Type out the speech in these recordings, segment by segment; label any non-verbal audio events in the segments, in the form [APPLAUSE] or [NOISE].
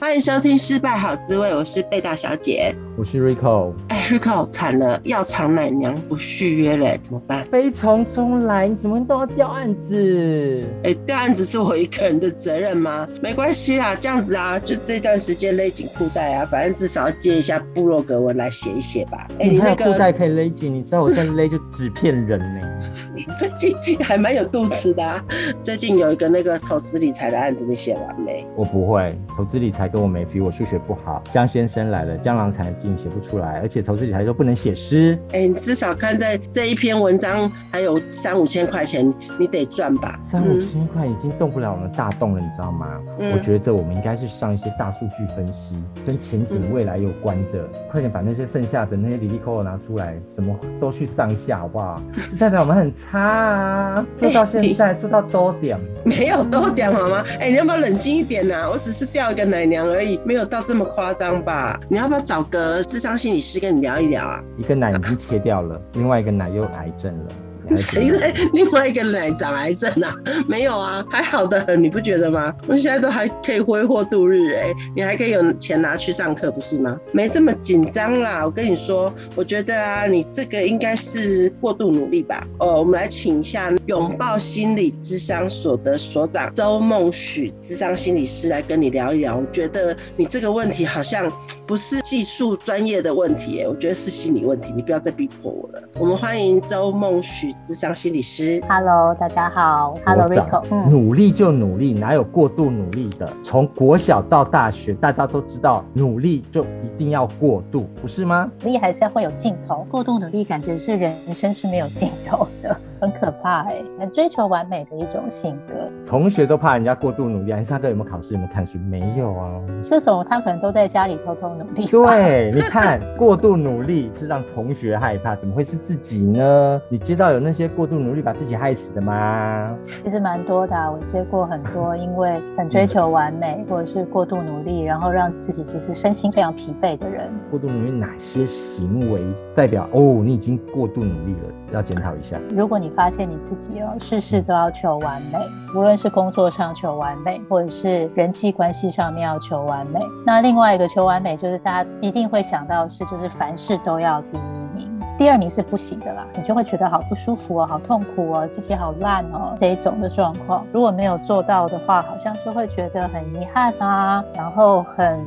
歡迎收聽《失敗好滋味》，我是貝大小姐，我是 Rico。哎，Rico 好慘了，藥廠奶娘不續約嘞、欸，怎麼辦？悲從中來，你怎麼都要掉案子。哎、欸，掉案子是我一個人的責任嗎？沒關係啦，這樣子啊，就這段時間勒緊褲帶啊，反正至少要借一下部落格文來寫一寫吧。哎、欸，你那個褲帶可以勒緊，你知道我在勒就紙片人呢、欸。 [LAUGHS] 最近還蠻有肚子的、啊。最近有一個那個投資理財的案子，你寫完沒？我不會投資理財，跟我沒比，我數學不好。江先生來了，江郎才盡，寫不出來。而且投資理財都不能寫詩。哎、欸，你至少看在這一篇文章，還有三五千塊錢，你得賺吧？三五千塊已經動不了我們大動了，嗯、你知道嗎？嗯、我覺得我們應該是上一些大數據分析跟前景未來有關的。嗯、快點把那些剩下的那些哩哩扣扣拿出來，什麼都去上一下好不好？代表我們很慘。 [LAUGHS] 他、啊、做到現在、欸欸、做到多點？沒有多點好嗎？哎、欸，你要不要冷靜一點啊？我只是掉一個奶娘而已，沒有到這麼誇張吧？你要不要找個諮商心理師跟你聊一聊啊？一個奶已經切掉了，啊、另外一個奶又癌症了。誰在 [LAUGHS] 哎、另外一個人來，長癌症啊？沒有啊，還好的很，你不覺得嗎？我現在都還可以揮霍度日、欸，哎，你還可以有錢拿去上課，不是嗎？沒這麼緊張啦，我跟你說，我覺得啊，你這個應該是過度努力吧。哦，我們來請一下擁抱心理諮商所的所長周夢許諮商心理師來跟你聊一聊。我覺得你這個問題好像不是技術專業的問題、欸，哎，我覺得是心理問題。你不要再逼迫我了。我們歡迎周夢許。諮商心理師，Hello，大家好，Hello Rico，長、嗯、努力就努力，哪有過度努力的？從國小到大學，大家都知道，努力就一定要過度，不是嗎？努力還是要會有盡頭，過度努力感覺是人，人生是沒有盡頭的。很可怕哎、欸，很追求完美的一種性格。同學都怕人家過度努力、啊，你上課有沒有考試？有沒有看書？沒有啊。這種他可能都在家裡偷偷努力。對，你看，過度努力是讓同學害怕，怎麼會是自己呢？你知道有那些過度努力把自己害死的嗎？其實蠻多的、啊，我接過很多，因為很追求完美或者是過度努力，然後讓自己其實身心非常疲憊的人。過度努力哪些行為代表，哦，你已經過度努力了，要檢討一下。如果你。發現你自己哦，事事都要求完美，無論是工作上求完美，或者是人際關係上面要求完美。那另外一個求完美，就是大家一定會想到的是，就是凡事都要第一名，第二名是不行的啦。你就會覺得好不舒服哦，好痛苦哦，自己好爛哦，這一種的狀況。如果沒有做到的話，好像就會覺得很遺憾啊，然後很。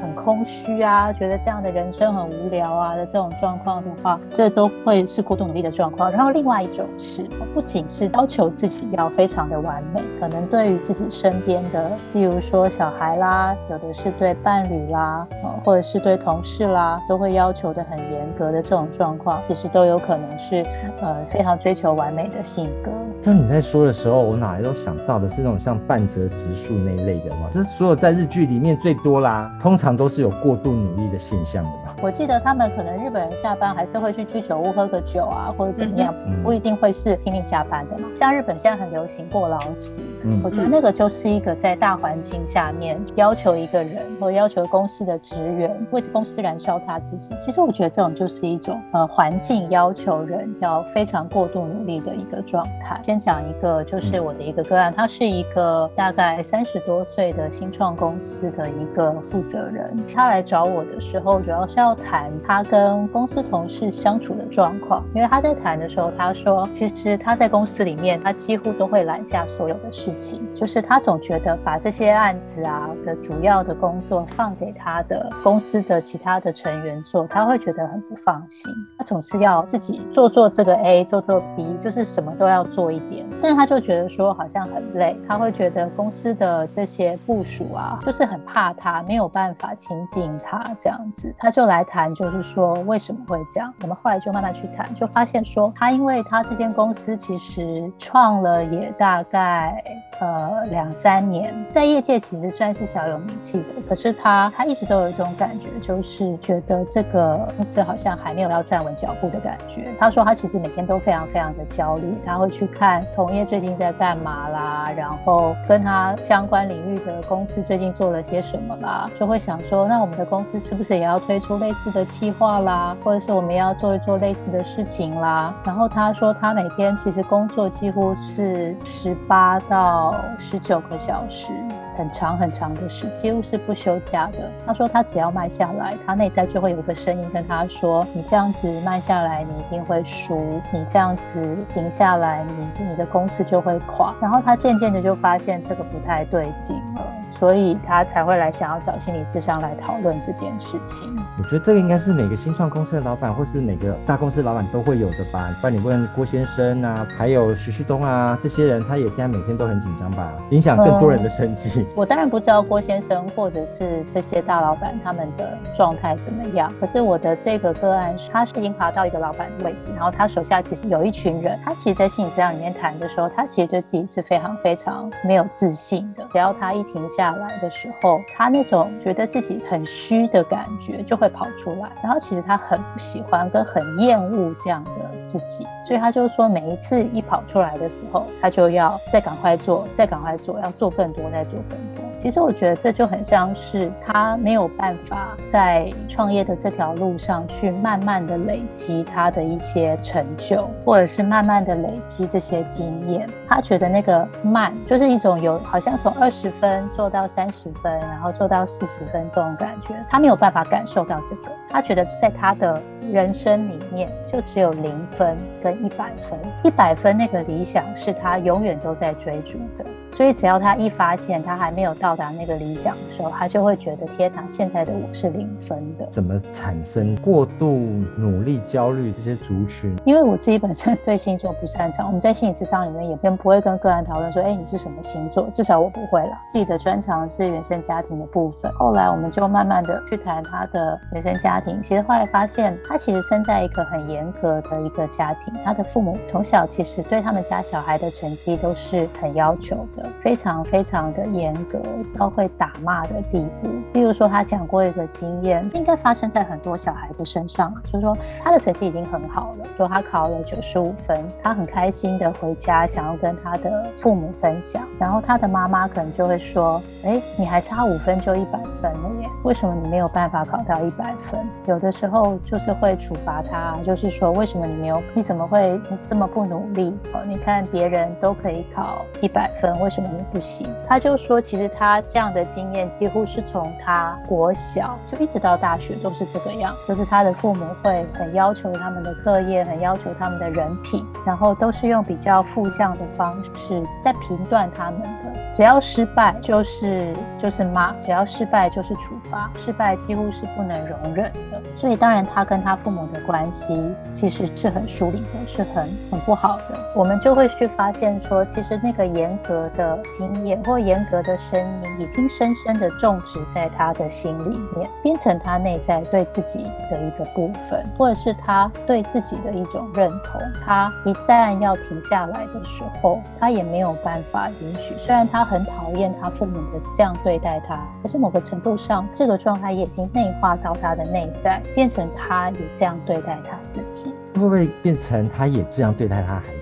很空虛啊，覺得這樣的人生很無聊啊的這種狀況的話，這都會是過度努力的狀況。然後另外一種是，不僅是要求自己要非常的完美，可能對於自己身邊的，例如說小孩啦，有的是對伴侶啦，或者是對同事啦，都會要求的很嚴格的這種狀況，其實都有可能是呃非常追求完美的性格。就你在說的時候，我哪裡都想到的是那種像半澤直樹那一類的嘛，就是所有在日劇裡面最多啦，通常。都是有過度努力的現象的。我記得他們可能日本人下班還是會去居酒屋喝個酒啊，或者怎麼樣，不一定會是拼命加班的嘛。像日本現在很流行過勞死，我覺得那個就是一個在大環境下面要求一個人，或要求公司的職員為公司燃燒他自己。其實我覺得這種就是一種呃環境要求人要非常過度努力的一個狀態。先講一個就是我的一個個案，他是一個大概三十多歲的新創公司的一個負責人，他來找我的時候主要是要。要談他跟公司同事相處的狀況，因為他在談的時候，他說其實他在公司裡面，他幾乎都會攬下所有的事情，就是他總覺得把這些案子啊的主要的工作放給他的公司的其他的成員做，他會覺得很不放心，他總是要自己做做這個 A，做做 B，就是什麼都要做一點，但是他就覺得說好像很累，他會覺得公司的這些部屬啊，就是很怕他，沒有辦法親近他這樣子，他就來。來談，就是說為什麼會這樣？我們後來就慢慢去談，就發現說他，因為他這間公司其實創了也大概呃兩三年，在業界其實算是小有名氣的。可是他，他一直都有一種感覺，就是覺得這個公司好像還沒有要站穩腳步的感覺。他說他其實每天都非常非常的焦慮，他會去看同業最近在幹嘛啦，然後跟他相關領域的公司最近做了些什麼啦，就會想說，那我們的公司是不是也要推出類似的企劃啦，或者是我們要做一做類似的事情啦。然後他說，他每天其實工作幾乎是十八到十九個小時。很長很長的時間，幾乎是不休假的。他說他只要慢下來，他內在就會有一個聲音跟他說：“你這樣子慢下來，你一定會輸；你這樣子停下來你，你你的公司就會垮。”然後他漸漸的就發現這個不太對勁了，所以他才會來想要找心理智商來討論這件事情。我覺得這個應該是每個新創公司的老板，或是每個大公司老板都會有的吧。不然你問郭先生啊，還有徐旭東啊這些人，他也應該每天都很緊張吧，影響更多人的生計。嗯我當然不知道郭先生或者是這些大老闆他們的狀態怎麼樣，可是我的這個個案，他是已經爬到一個老闆的位置，然後他手下其實有一群人。他其實在心理諮詢裡面談的時候，他其實對自己是非常非常沒有自信的。只要他一停下來的時候，他那種覺得自己很虛的感覺就會跑出來，然後其實他很不喜歡跟很厭惡這樣的自己，所以他就是說每一次一跑出來的時候，他就要再趕快做，再趕快做，要做更多，再做更多。嗯，其實我覺得這就很像是他沒有辦法在創業的這條路上去慢慢的累積他的一些成就，或者是慢慢的累積這些經驗。他覺得那個慢就是一種有好像從二十分做到三十分，然後做到四十分這種感覺。他沒有辦法感受到這個，他覺得在他的人生裡面就只有零分。一百分，一百分，那個理想，是他永遠都在追逐的。所以只要他一發現他還沒有到達那個理想的時候，他就會覺得天啊，現在的我是零分的。怎麼產生過度努力焦慮這些族群？因為我自己本身對星座不擅長，我們在心理智商裡面也跟不會跟個人討論說，哎，你是什麼星座？至少我不會了，自己的專長是原生家庭的部分。後來我們就慢慢的去談他的原生家庭，其實後來發現他其實生在一個很嚴格的一個家庭。他的父母從小其實對他們家小孩的成績都是很要求的，非常非常的嚴格，到會打罵的地步。例如說，他講過一個經驗，應該發生在很多小孩的身上。就是說，他的成績已經很好了，就他考了九十五分，他很開心的回家，想要跟他的父母分享。然後他的媽媽可能就會說：“誒，你還差五分就一百分了耶，為什麼你沒有辦法考到一百分？”有的時候就是會處罰他，就是說為什麼你沒有，你怎麼。怎麼會這麼不努力？哦，你看別人都可以考一百分，為什麼你不行？他就說，其實他這樣的經驗幾乎是從他國小就一直到大學都是這個樣，就是他的父母會很要求他們的課業，很要求他們的人品，然後都是用比較負向的方式在評斷他們的，只要失敗就是就是罵，只要失敗就是處罰，失敗幾乎是不能容忍的。所以，當然他跟他父母的關係其實是很疏離的，是很很不好的。我們就會去發現說，其實那個嚴格的經驗或嚴格的聲音，已經深深的種植在他的心裡面，變成他內在對自己的一個部分，或者是他對自己的一種認同。他一。但要停下來的時候，他也沒有辦法允許。雖然他很討厭他父母的這樣對待他，可是某個程度上，這個狀態也已經內化到他的內在，變成他也這樣對待他自己。會不會變成他也這樣對待他孩子？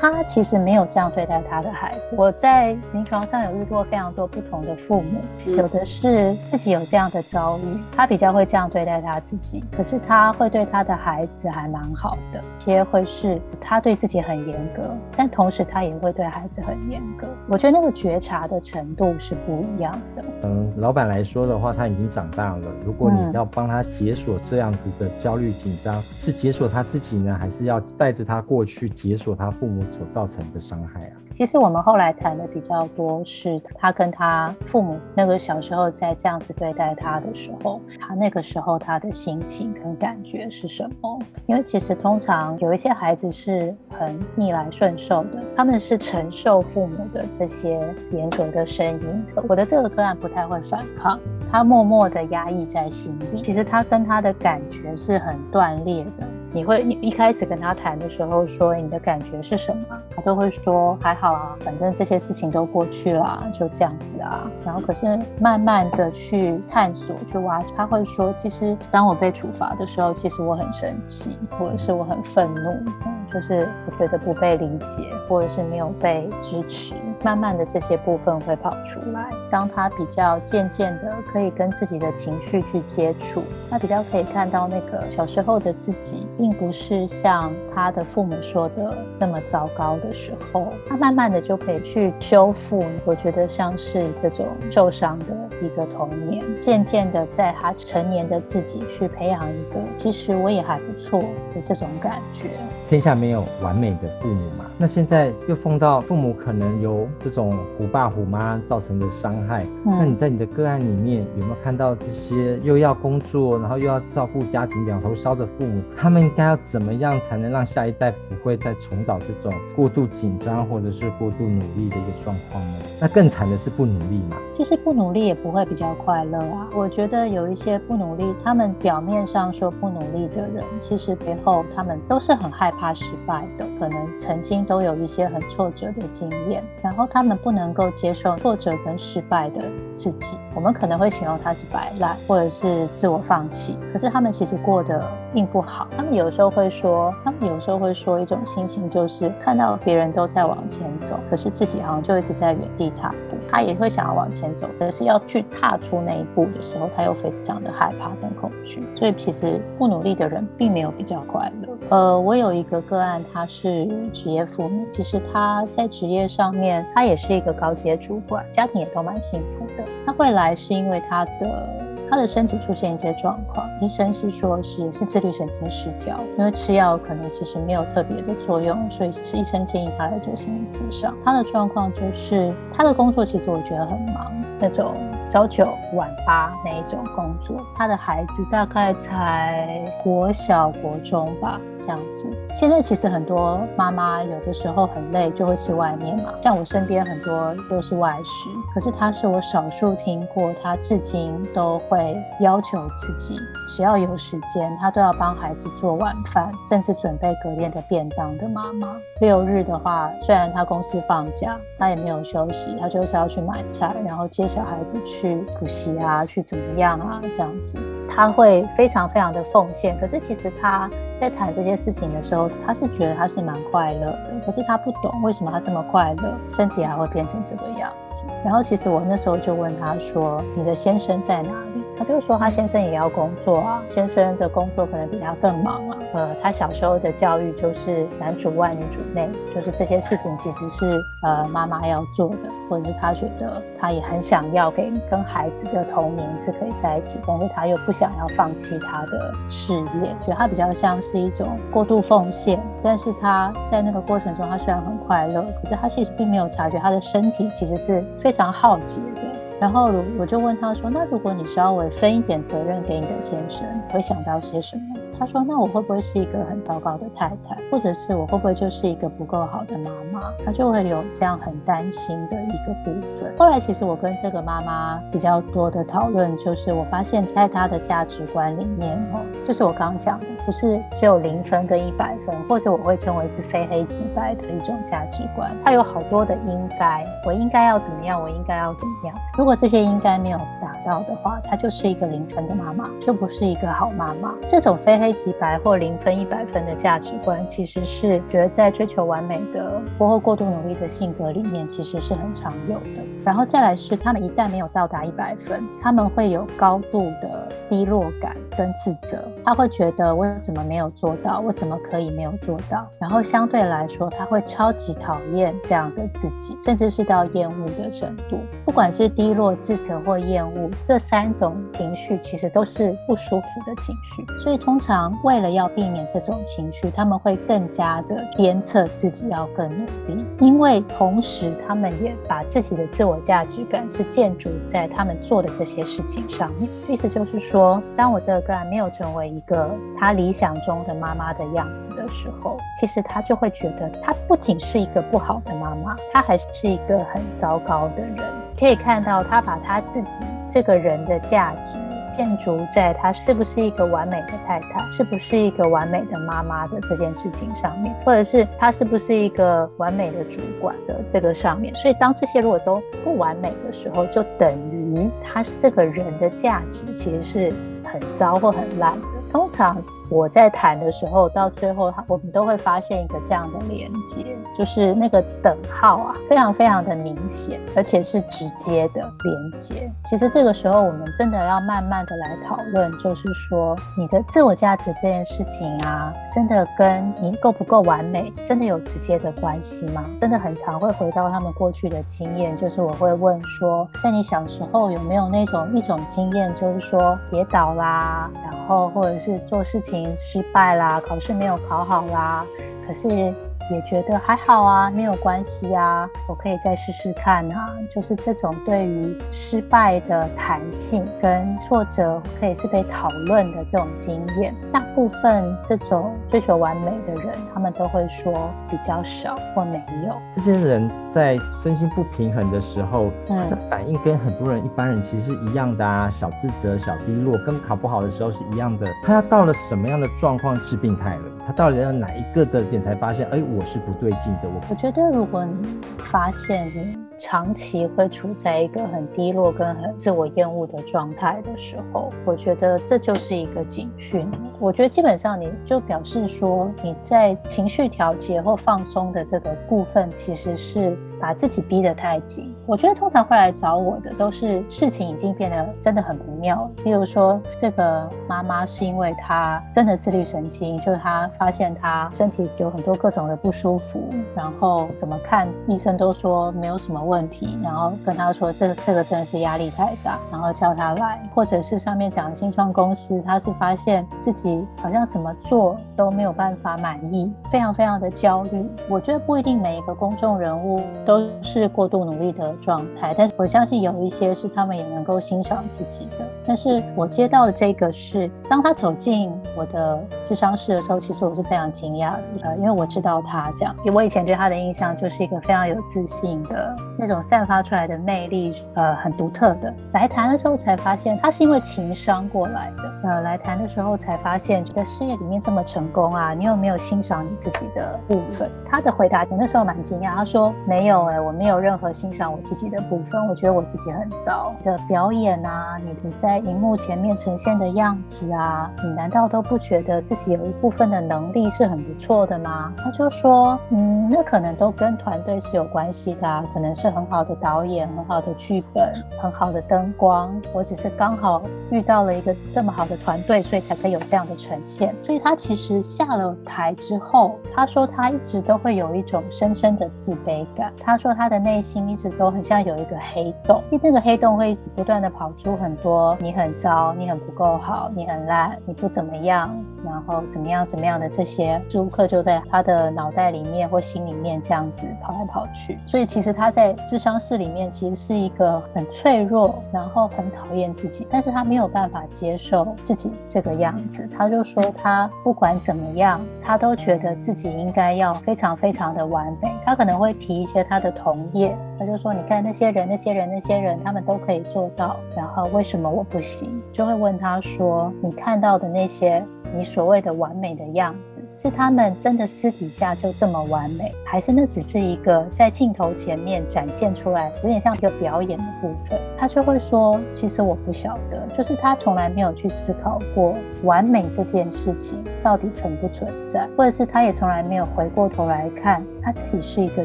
他其實沒有這樣對待他的孩子。我在臨床上有遇過非常多不同的父母，有的是自己有這樣的遭遇，他比較會這樣對待他自己，可是他會對他的孩子還蠻好的。些會是他對自己很嚴格，但同時他也會對孩子很嚴格。我覺得那個覺察的程度是不一樣的。嗯，老闆來說的話，他已經長大了。如果你要幫他解鎖這樣子的焦慮緊張，是解鎖他自己呢，還是要帶着他過去解鎖他父母？所造成的傷害啊，其實我們後來談的比較多是，他跟他父母那個小時候在這樣子對待他的時候，他那個時候他的心情跟感覺是什麼？因為其實通常有一些孩子是很逆來順受的，他們是承受父母的這些嚴格的聲音。我的這個個案不太會反抗，他默默的壓抑在心裡，其實他跟他的感覺是很斷裂的。你會你一開始跟他談的時候，說你的感覺是什麼？他都會說還好啊，反正這些事情都過去了啊，就這樣子啊。然後可是慢慢的去探索去挖，他會說，其實當我被處罰的時候，其實我很生氣，或者是我很憤怒。就是我覺得不被理解，或者是沒有被支持，慢慢的這些部分會跑出來。當他比較漸漸的可以跟自己的情緒去接觸，他比較可以看到那個小時候的自己，並不是像他的父母說的那麼糟糕的時候，他慢慢的就可以去修復。我覺得像是這種受傷的一個童年，漸漸的在他成年的自己去培養一個，其實我也還不錯的這種感覺。天下沒有完美的父母嘛，那現在又碰到父母可能由這種虎爸虎媽造成的傷害，嗯，那你在你的個案裡面有沒有看到這些又要工作，然後又要照顧家庭兩頭燒的父母？他們應該要怎麼樣才能讓下一代不會再重蹈這種過度緊張或者是過度努力的一個狀況呢？那更慘的是不努力嘛，其實不努力也不會比較快樂啊。我覺得有一些不努力，他們表面上說不努力的人，其實背後他們都是很害怕。怕失敗的，可能曾經都有一些很挫折的經驗，然後他們不能夠接受挫折跟失敗的自己。我們可能會形容他是擺爛，或者是自我放棄。可是他們其實過得並不好，他們有時候會說，他們有時候會說一種心情，就是看到別人都在往前走，可是自己好像就一直在原地踏步。他也會想要往前走，可是要去踏出那一步的時候，他又非常的害怕跟恐懼。所以其實不努力的人，並沒有比較快樂。呃，我有一個個案，他是職業父母，其實他在職業上面，他也是一個高階主管，家庭也都蠻幸福的。他會來是因為他的。他的身體出現一些狀況，醫生是說是也是自律神經失調，因為吃藥可能其實沒有特別的作用，所以是醫生建議他來做心理諮商。他的狀況就是他的工作其實我覺得很忙那種，朝九晚八那一種工作，他的孩子大概才國小國中吧，這樣子。現在其實很多媽媽有的時候很累，就會吃外面嘛。像我身邊很多都是外食，可是她是我少數聽過，她至今都會要求自己只要有時間，她都要幫孩子做晚飯，甚至準備隔天的便當的媽媽。六日的話，雖然他公司放假，他也沒有休息，他就是要去買菜，然後接小孩子去。去補習啊，去怎麼樣啊？這樣子，他會非常非常的奉獻。可是其實他在談這些事情的時候，他是覺得他是蠻快樂的。可是他不懂為什麼他這麼快樂，身體還會變成這個樣子。然後其實我那時候就問他說：“你的先生在哪裡？”他就說：“他先生也要工作啊，先生的工作可能比他更忙啊。”呃，他小時候的教育就是男主外女主內，就是這些事情其實是呃媽媽要做的，或者是他覺得他也很想要給跟孩子的童年是可以在一起，但是他又不想要放棄他的事業，覺得他比較像是一種過度奉獻。但是他在那個過程中，他雖然很快樂，可是他其實並沒有察覺他的身體其實是非常耗竭的。然後我就問他說：“那如果你稍微分一點責任給你的先生，會想到些什麼？”他說：“那我會不會是一個很糟糕的太太，或者是我會不會就是一個不夠好的媽媽？”他就會有這樣很擔心的一個部分。後來其實我跟這個媽媽比較多的討論，就是我發現在她的價值觀裡面，哦，就是我剛剛講的，不是只有零分跟一百分，或者我會稱為是非黑即白的一種價值觀。她有好多的應該，我應該要怎麼樣，我應該要怎麼樣。如果這些應該沒有達到的話，她就是一個零分的媽媽，就不是一個好媽媽。這種非黑。黑白、或零分一百分的價值觀，其實是覺得在追求完美的、過後過度努力的性格裡面，其實是很常有的。然後再來是，他們一旦沒有到達一百分，他們會有高度的低落感跟自責，他會覺得我怎麼沒有做到，我怎麼可以沒有做到？然後相對來說，他會超級討厭這樣的自己，甚至是到厭惡的程度。不管是低落、自責或厭惡，這三種情緒其實都是不舒服的情緒，所以通常。為了要避免這種情緒，他們會更加的鞭策自己要更努力，因為同時他們也把自己的自我價值感是建築在他們做的這些事情上面。意思就是說，當我這個個案沒有成為一個他理想中的媽媽的樣子的時候，其實他就會覺得她不僅是一個不好的媽媽，她還是一個很糟糕的人。可以看到，她把她自己這個人的價值。建築在他是不是一個完美的太太，是不是一個完美的媽媽的這件事情上面，或者是他是不是一個完美的主管的這個上面，所以當這些如果都不完美的時候，就等於他是這個人的價值其實是很糟或很爛的。通常。我在談的時候，到最後他我們都會發現一個這樣的連接，就是那個等號啊，非常非常的明顯，而且是直接的連接。其實這個時候，我們真的要慢慢的來討論，就是說你的自我價值這件事情啊，真的跟你夠不夠完美，真的有直接的關係嗎？真的很常會回到他們過去的經驗，就是我會問說，在你小時候有沒有那種一種經驗，就是說跌倒啦，然後或者是做事情。失敗啦，考試沒有考好啦，可是也覺得還好啊，沒有關係啊，我可以再試試看啊。就是這種對於失敗的彈性跟挫折，可以是被討論的這種經驗。大部分這種追求完美的人，他們都會說比較少或沒有。這些人在身心不平衡的時候，嗯，他的反應跟很多人一般人其實是一樣的啊，小自責、小低落，跟考不好的時候是一樣的。他要到了什麼樣的狀況是病態了？他到底要哪一個的點才發現？哎，我是不對勁的。我我覺得，如果你發現你長期會處在一個很低落跟很自我厭惡的狀態的時候，我覺得這就是一個警訊。我覺得基本上你就表示說你在情緒調節或放鬆的這個部分其實是。把自己逼得太緊。我覺得通常會來找我的都是事情已經變得真的很不妙。比如說，這個媽媽是因為她真的自律神經，就是她發現她身體有很多各種的不舒服，然後怎麼看醫生都說沒有什麼問題，然後跟她說，這這個真的是壓力太大，然後叫她來，或者是上面講的新創公司，她是發現自己好像怎麼做都沒有辦法滿意，非常非常的焦慮。我覺得不一定每一個公眾人物都，都是過度努力的狀態，但是我相信有一些是他們也能夠欣賞自己的。但是我接到的這個是，當他走進我的諮商室的時候，其實我是非常驚訝的，呃，因為我知道他這樣，因為我以前對他的印象就是一個非常有自信的那種散發出來的魅力，呃，很獨特的。來談的時候才發現，他是因為情商過來的。呃，來談的時候才發現，在事業裡面這麼成功啊，你有沒有欣賞你自己的部分？他的回答，我那時候蠻驚訝，他說沒有。我沒有任何欣賞我自己的部分，我覺得我自己很糟的表演啊，你你在熒幕前面呈現的樣子啊，你難道都不覺得自己有一部分的能力是很不錯的嗎？他就說，嗯，那可能都跟團隊是有關係的啊，可能是很好的導演、很好的劇本、很好的燈光，我只是剛好遇到了一個這麼好的團隊，所以才可以有這樣的呈現。所以他其實下了台之後，他說他一直都會有一種深深的自卑感。他說他的內心一直都很像有一個黑洞，因為那個黑洞會一直不斷的跑出很多“你很糟，你很不夠好，你很爛，你不怎麼樣”，然後怎麼樣怎麼樣的這些租客就在他的腦袋裡面或心裡面這樣子跑來跑去。所以其實他在諮商室裡面其實是一個很脆弱，然後很討厭自己，但是他沒有辦法接受自己這個樣子。他就說他不管怎麼樣，他都覺得自己應該要非常非常的完美。他可能會提一些他，他的同業，他就說：“你看那些人，那些人，那些人，他們都可以做到，然後為什麼我不行？”就會問他說：“你看到的那些，你所謂的完美的樣子，是他們真的私底下就這麼完美？”還是那只是一個在鏡頭前面展現出來，有點像一個表演的部分。他就會說：“其實我不曉得，就是他從來沒有去思考過完美這件事情到底存不存在，或者是他也從來沒有回過頭來看他自己是一個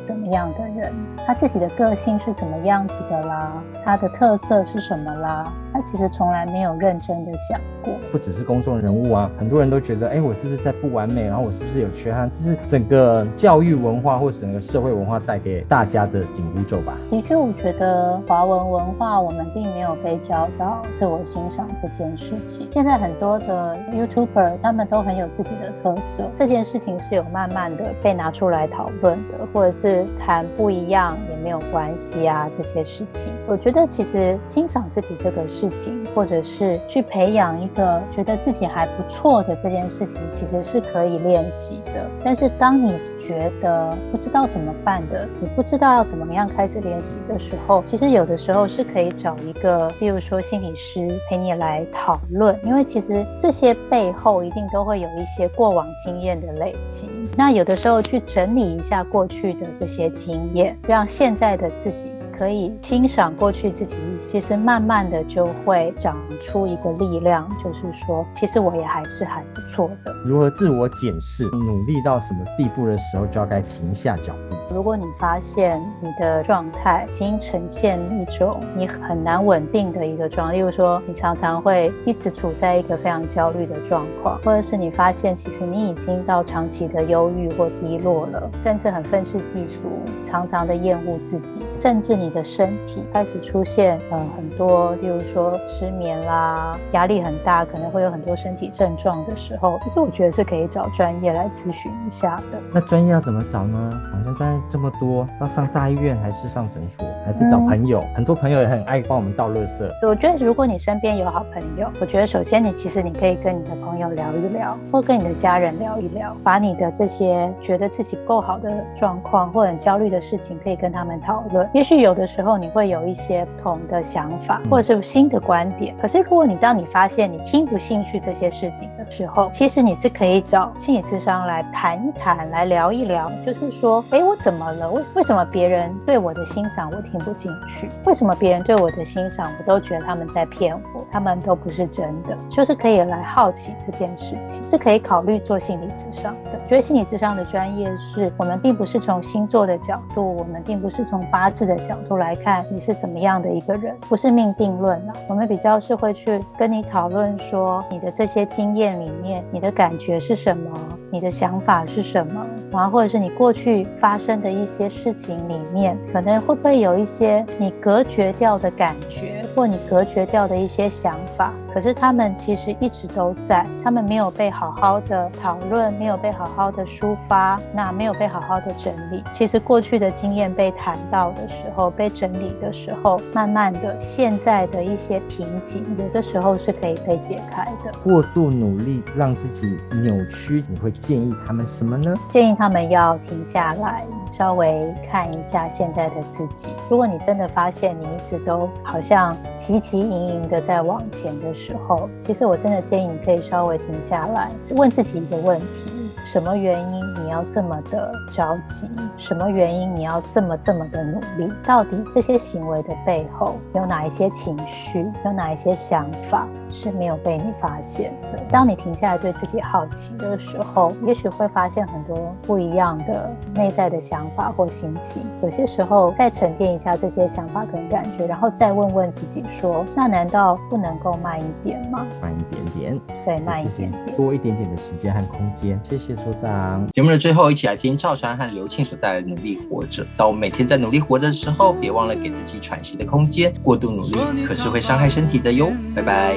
怎麼樣的人，他自己的個性是怎麼樣子的啦，他的特色是什麼啦，他其實從來沒有認真的想過。不只是公眾人物啊，很多人都覺得：哎，我是不是在不完美？然後我是不是有缺憾？這是整個教育文化。”或整個社會文化帶給大家的緊箍咒吧。的確，我覺得華文文化我們並沒有被教到自我欣賞這件事情。現在很多的 YouTuber 他們都很有自己的特色，這件事情是有慢慢的被拿出來討論的，或者是談不一樣。沒有關係啊，這些事情，我覺得其實欣賞自己這個事情，或者是去培養一個覺得自己還不錯的這件事情，其實是可以練習的。但是當你覺得不知道怎麼辦的，你不知道要怎麼樣開始練習的時候，其實有的時候是可以找一個，例如說心理師陪你來討論，因為其實這些背後一定都會有一些過往經驗的累積。那有的時候去整理一下過去的這些經驗，讓現現在的自己。所以欣賞過去自己，其實慢慢的就會長出一個力量，就是說，其實我也還是還不錯的。如何自我檢視，努力到什麼地步的時候就要該停下腳步。如果你發現你的狀態已經呈現一種你很難穩定的一個狀態，例如說，你常常會一直處在一個非常焦慮的狀況，或者是你發現其實你已經到長期的憂鬱或低落了，甚至很憤世嫉俗，常常的厭惡自己，甚至你。你的身體開始出現，呃，很多，例如說失眠啦，壓力很大，可能會有很多身體症狀的時候，其實我覺得是可以找專業來諮詢一下的。那專業要怎麼找呢？好像專業這麼多，要上大醫院還是上診所，還是找朋友？嗯、很多朋友也很愛幫我們倒垃圾。我覺得如果你身邊有好朋友，我覺得首先你其實你可以跟你的朋友聊一聊，或跟你的家人聊一聊，把你的這些覺得自己不夠好的狀況，或者很焦慮的事情，可以跟他們討論。也許有。有的時候你會有一些不同的想法，或者是新的觀點。可是如果你當你發現你聽不進去這些事情的時候，其實你是可以找心理諮商來談一談，來聊一聊，就是說，哎，我怎麼了？為為什麼別人對我的欣賞我聽不進去？為什麼別人對我的欣賞我都覺得他們在騙我？他們都不是真的，就是可以來好奇這件事情，是可以考慮做心理諮商的。覺得心理諮商的專業是我們並不是從星座的角度，我們並不是從八字的角度。角度來看，你是怎麼樣的一個人？不是命定論了。我們比較是會去跟你討論說，你的這些經驗裡面，你的感覺是什麼？你的想法是什麼？然後，或者是你過去發生的一些事情裡面，可能會不會有一些你隔絕掉的感覺，或你隔絕掉的一些想法？可是他們其實一直都在，他們沒有被好好的討論，沒有被好好的抒發，那沒有被好好的整理。其實過去的經驗被談到的時候，被整理的時候，慢慢的，現在的一些瓶頸，有的時候是可以被解開的。過度努力讓自己扭曲，你會建議他們什麼呢？建議他們要停下來。稍微看一下現在的自己，如果你真的發現你一直都好像汲汲營營的在往前的時候，其實我真的建議你可以稍微停下來，問自己一個問題：什麼原因你要這麼的着急？什麼原因你要這麼這麼的努力？到底這些行為的背後有哪一些情緒，有哪一些想法？是沒有被你發現的。當你停下來對自己好奇的時候，也許會發現很多不一樣的內在的想法或心情。有些時候再沉澱一下這些想法跟感覺，然後再問問自己說：那難道不能夠慢一點嗎？慢一點點，對，慢一點點，謝謝多一點點的時間和空間。謝謝所長。節目的最後，一起來聽趙傳和劉慶所帶來的《努力活着》。當我們每天在努力活着的時候，別忘了給自己喘息的空間。過度努力可是會傷害身體的喲。拜拜。